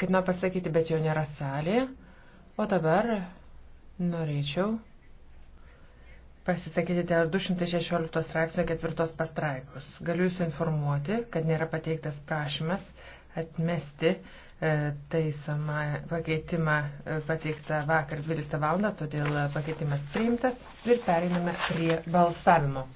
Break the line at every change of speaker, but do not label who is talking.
ketinau pasakyti, bet jo nėra salėje. O dabar norėčiau pasisakyti dėl 216 straipsnio ketvirtos pastraipos. Galiu Jūs informuoti, kad nėra pateiktas prašymas atmesti e, taisomą pakeitimą e, pateiktą vakar 12 val. todėl e, pakeitimas priimtas ir periname prie balsavimo.